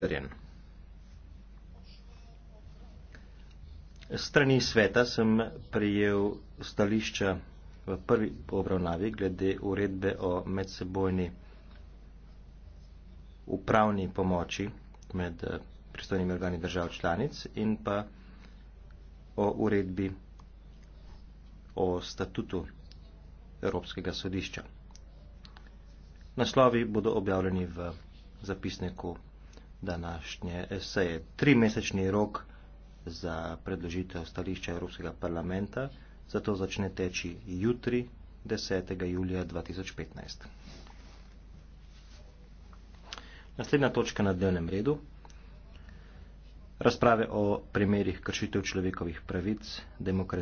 potrjen. Strani sveta sem prijel stališča v prvi obravnavi glede uredbe o medsebojni upravni pomoči med eh, pristojnimi organi držav članic in pa o uredbi o statutu Evropskega sodišča. Naslovi bodo objavljeni v zapisniku današnje eseje. Tri mesečni rok za predložitev stališča Evropskega parlamenta, zato začne teči jutri, 10. julija 2015. Naslednja točka na dnevnem redu. Razprave o primerih kršitev človekovih pravic, demokracije.